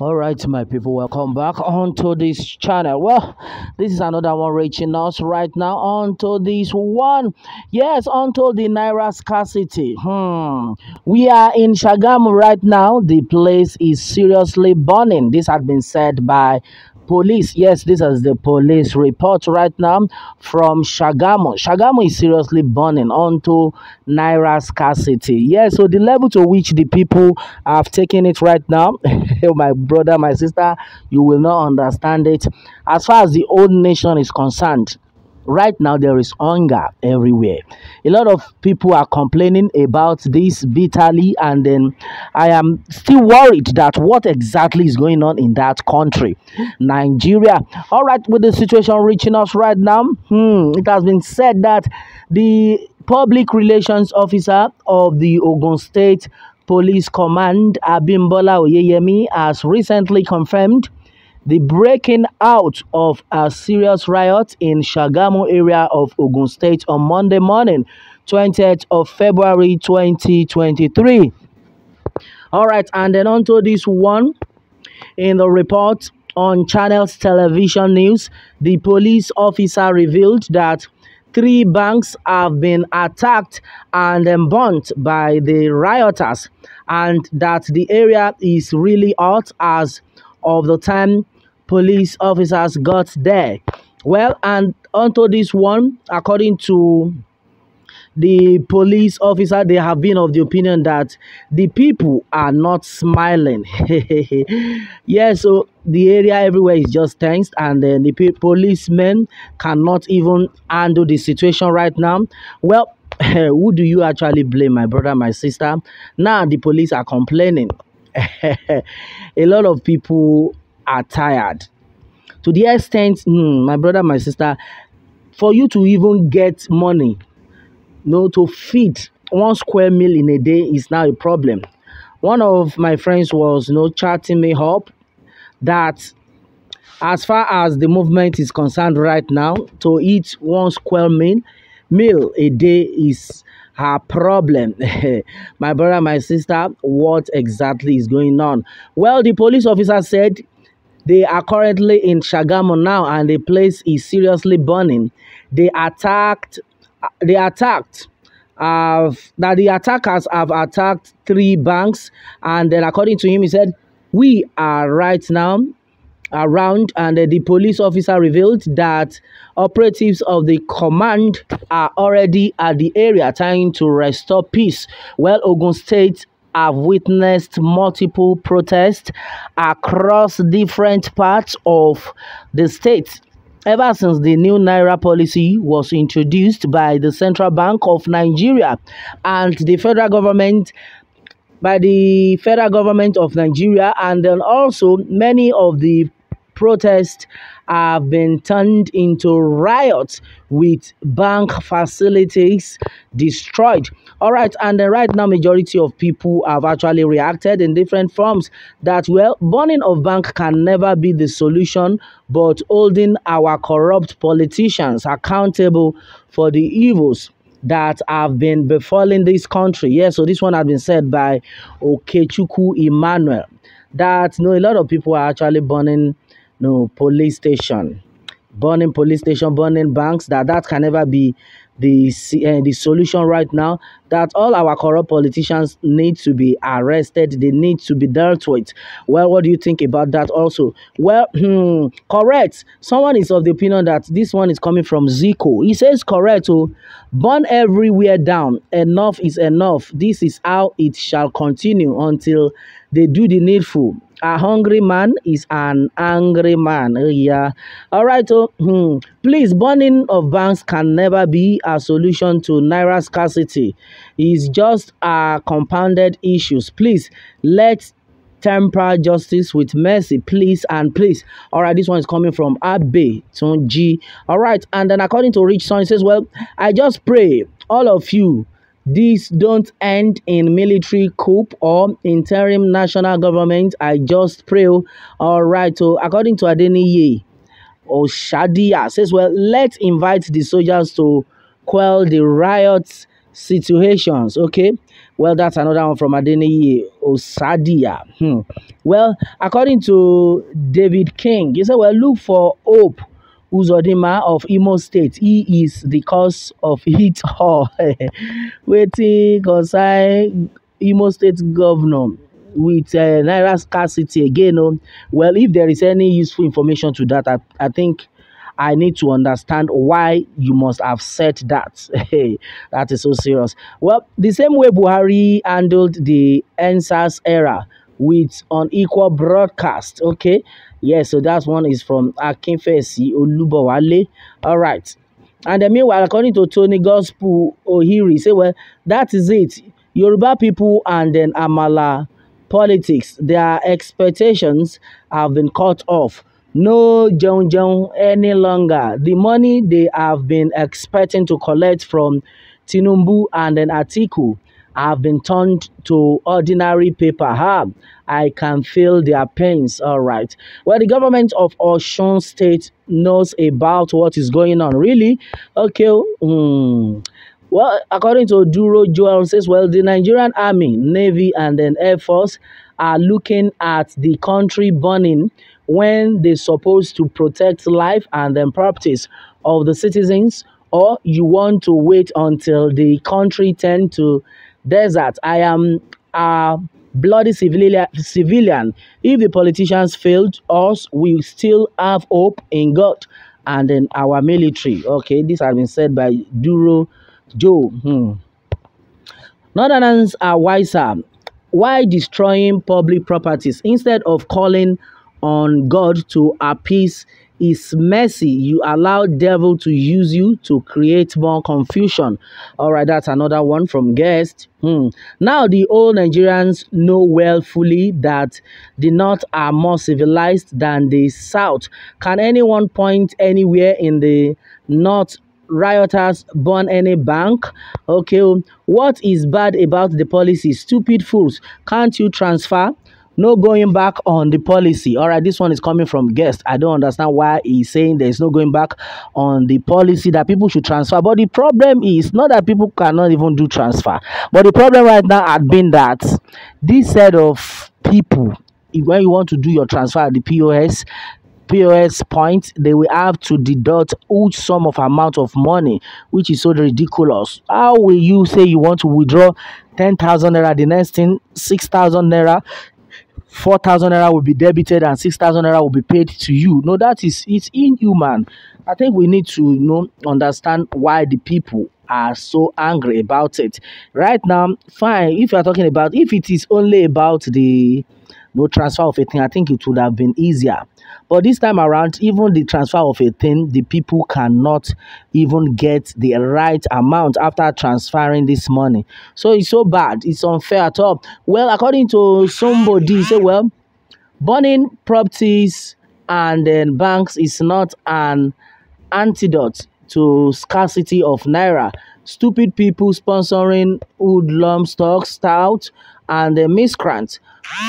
all right my people welcome back onto this channel well this is another one reaching us right now onto this one yes onto the naira scarcity hmm we are in shagamu right now the place is seriously burning this has been said by police. Yes, this is the police report right now from Shagamo. Shagamo is seriously burning onto Naira scarcity. Yeah, so the level to which the people have taken it right now, oh, my brother, my sister, you will not understand it. As far as the old nation is concerned, right now there is hunger everywhere a lot of people are complaining about this bitterly and then i am still worried that what exactly is going on in that country nigeria all right with the situation reaching us right now hmm, it has been said that the public relations officer of the ogun state police command abimbola oyeyemi has recently confirmed the breaking out of a serious riot in Shagamu area of Ogun State on Monday morning, 20th of February 2023. All right, and then onto this one in the report on Channels Television News, the police officer revealed that three banks have been attacked and burnt by the rioters and that the area is really hot as of the time police officers got there. Well, and onto this one, according to the police officer, they have been of the opinion that the people are not smiling. yeah, so the area everywhere is just tensed, and then the policemen cannot even handle the situation right now. Well, who do you actually blame, my brother, my sister? Now the police are complaining. A lot of people are tired. To the extent, hmm, my brother, my sister, for you to even get money, you no, know, to feed one square meal in a day is now a problem. One of my friends was, you know, chatting me up that as far as the movement is concerned right now, to eat one square meal, meal a day is her problem. my brother, my sister, what exactly is going on? Well, the police officer said they are currently in Sagamu now and the place is seriously burning. They attacked they attacked have that the attackers have attacked three banks and then according to him he said we are right now around and the police officer revealed that operatives of the command are already at the area trying to restore peace. Well, Ogun State have witnessed multiple protests across different parts of the state ever since the new Naira policy was introduced by the Central Bank of Nigeria and the federal government by the federal government of Nigeria and then also many of the protests have been turned into riots with bank facilities destroyed. All right, and then right now majority of people have actually reacted in different forms that well, burning of bank can never be the solution, but holding our corrupt politicians accountable for the evils that have been befalling this country. Yes, yeah, so this one has been said by Okechuku Emmanuel that you no, know, a lot of people are actually burning no police station burning police station burning banks that that can never be the uh, the solution right now that all our corrupt politicians need to be arrested they need to be dealt with well what do you think about that also well hmm, correct someone is of the opinion that this one is coming from zico he says correct oh. burn everywhere down enough is enough this is how it shall continue until they do the needful a hungry man is an angry man. Eh, yeah. All right. So, hmm. please, burning of banks can never be a solution to Naira scarcity. It's just a compounded issues. Please, let temper justice with mercy, please and please. All right, this one is coming from Abe Tunji. All right, and then according to Rich Son, he says, Well, I just pray all of you These don't end in military coup or interim national government I just pray all right So oh, According to Adeniyi Osadia says well let's invite the soldiers to quell the riots situations. Okay, well, that's another one from Adeniyi Osadia. Hmm. Well, according to David King, he said, Well, look for hope Uzodima of imo state He is the cause of heat or wetin concern imo state Governor with uh, naira scarcity again Oh, well if there is any useful information to that, i i think I need to understand why you must have said that. Hey, that is so serious. Well, the same way Buhari handled the NSAS era with unequal broadcast, okay? Yes, so that one is from Akinfesi Olubowale. All right. And then meanwhile, according to Tony Gospel Ohiri, say, well, that is it. Yoruba people and then Amala politics, their expectations have been cut off. No John any longer. The money they have been expecting to collect from Tinubu and then Atiku have been turned to ordinary paper. Ha! I can feel their pains. All right. Well, the government of Osun State knows about what is going on. Really? Okay. Hmm. Well, according to Duro Joel says, well, the Nigerian Army, Navy, and then Air Force are looking at the country burning when they're supposed to protect life and then properties of the citizens, or you want to wait until the country turn to desert. I am a bloody civilian, civilian. If the politicians failed us, we still have hope in God and in our military. Okay, this has been said by Duro Joe. Hmm. Northerners are wiser. Why destroying public properties instead of calling on God to appease is mercy, you allow devil to use you to create more confusion. All right, that's another one from guest. Hmm. Now the old Nigerians know well fully that the North are more civilized than the South. Can anyone point anywhere in the North rioters burn any bank okay oh, what is bad about the policy stupid fools can't you transfer no going back on the policy. All right, this one is coming from guest. I don't understand why he's saying there is no going back on the policy that people should transfer. But the problem is not that people cannot even do transfer, but the problem right now had been that this set of people, when you want to do your transfer at the POS, POS point, they will have to deduct huge sum of amount of money, which is so ridiculous. How will you say you want to withdraw 10,000 naira, the next thing 6,000 naira, 4,000 naira will be debited and 6,000 naira will be paid to you. No, that is, it's inhuman. I think we need to you know, understand why the people are so angry about it. Right now, fine, if you are talking about, if it is only about the no transfer of a thing. I think it would have been easier. But this time around, even the transfer of a thing, the people cannot even get the right amount after transferring this money. So it's so bad. It's unfair at all. Well, according to somebody, say, well, burning properties and then banks is not an antidote to scarcity of naira. Stupid people sponsoring hoodlum stocks, stout, and the miscreants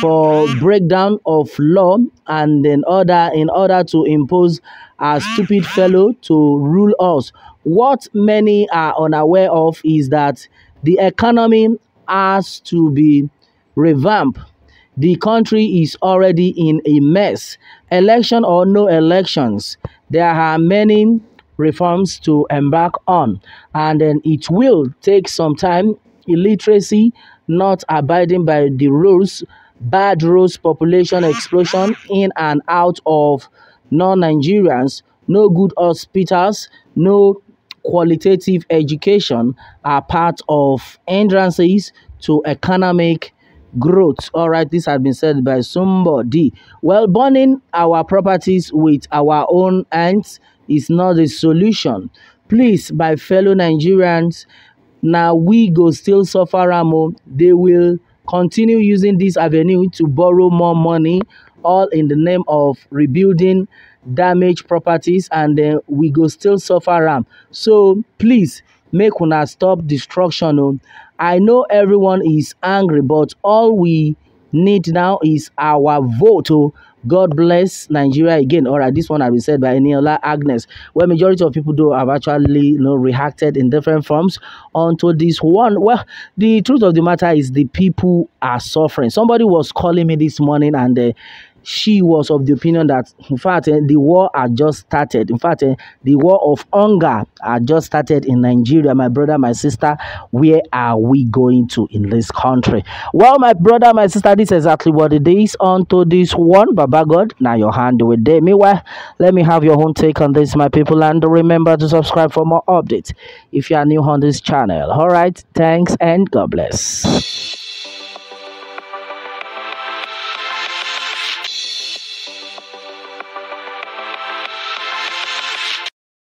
for breakdown of law and in order in order to impose a stupid fellow to rule us. What many are unaware of is that the economy has to be revamped. The country is already in a mess. Election or no elections, there are many reforms to embark on, and then it will take some time. Illiteracy, not abiding by the rules, Bad roads, population explosion in and out of non-Nigerians, no good hospitals, no qualitative education are part of hindrances to economic growth. All right, this has been said by somebody. Well, burning our properties with our own hands is not the solution. Please, by fellow Nigerians, now we go still suffer, Ramo. They will continue using this avenue to borrow more money, all in the name of rebuilding damaged properties and then we go still suffer harm. So please make una stop destruction oh. I know everyone is angry but all we need now is our vote o. Oh. God bless Nigeria again. All right, this one has been said by Eniola Agnes, where majority of people do have actually you know, reacted in different forms onto this one. Well, the truth of the matter is the people are suffering. Somebody was calling me this morning and uh, she was of the opinion that, in fact, eh, the war had just started. In fact, eh, the war of hunger had just started in Nigeria. My brother, my sister, where are we going to in this country? Well, my brother, my sister, this is exactly what it is. Onto this one, Baba God, now your hand with them. Meanwhile, let me have your own take on this, my people, and remember to subscribe for more updates if you are new on this channel. All right, thanks and God bless.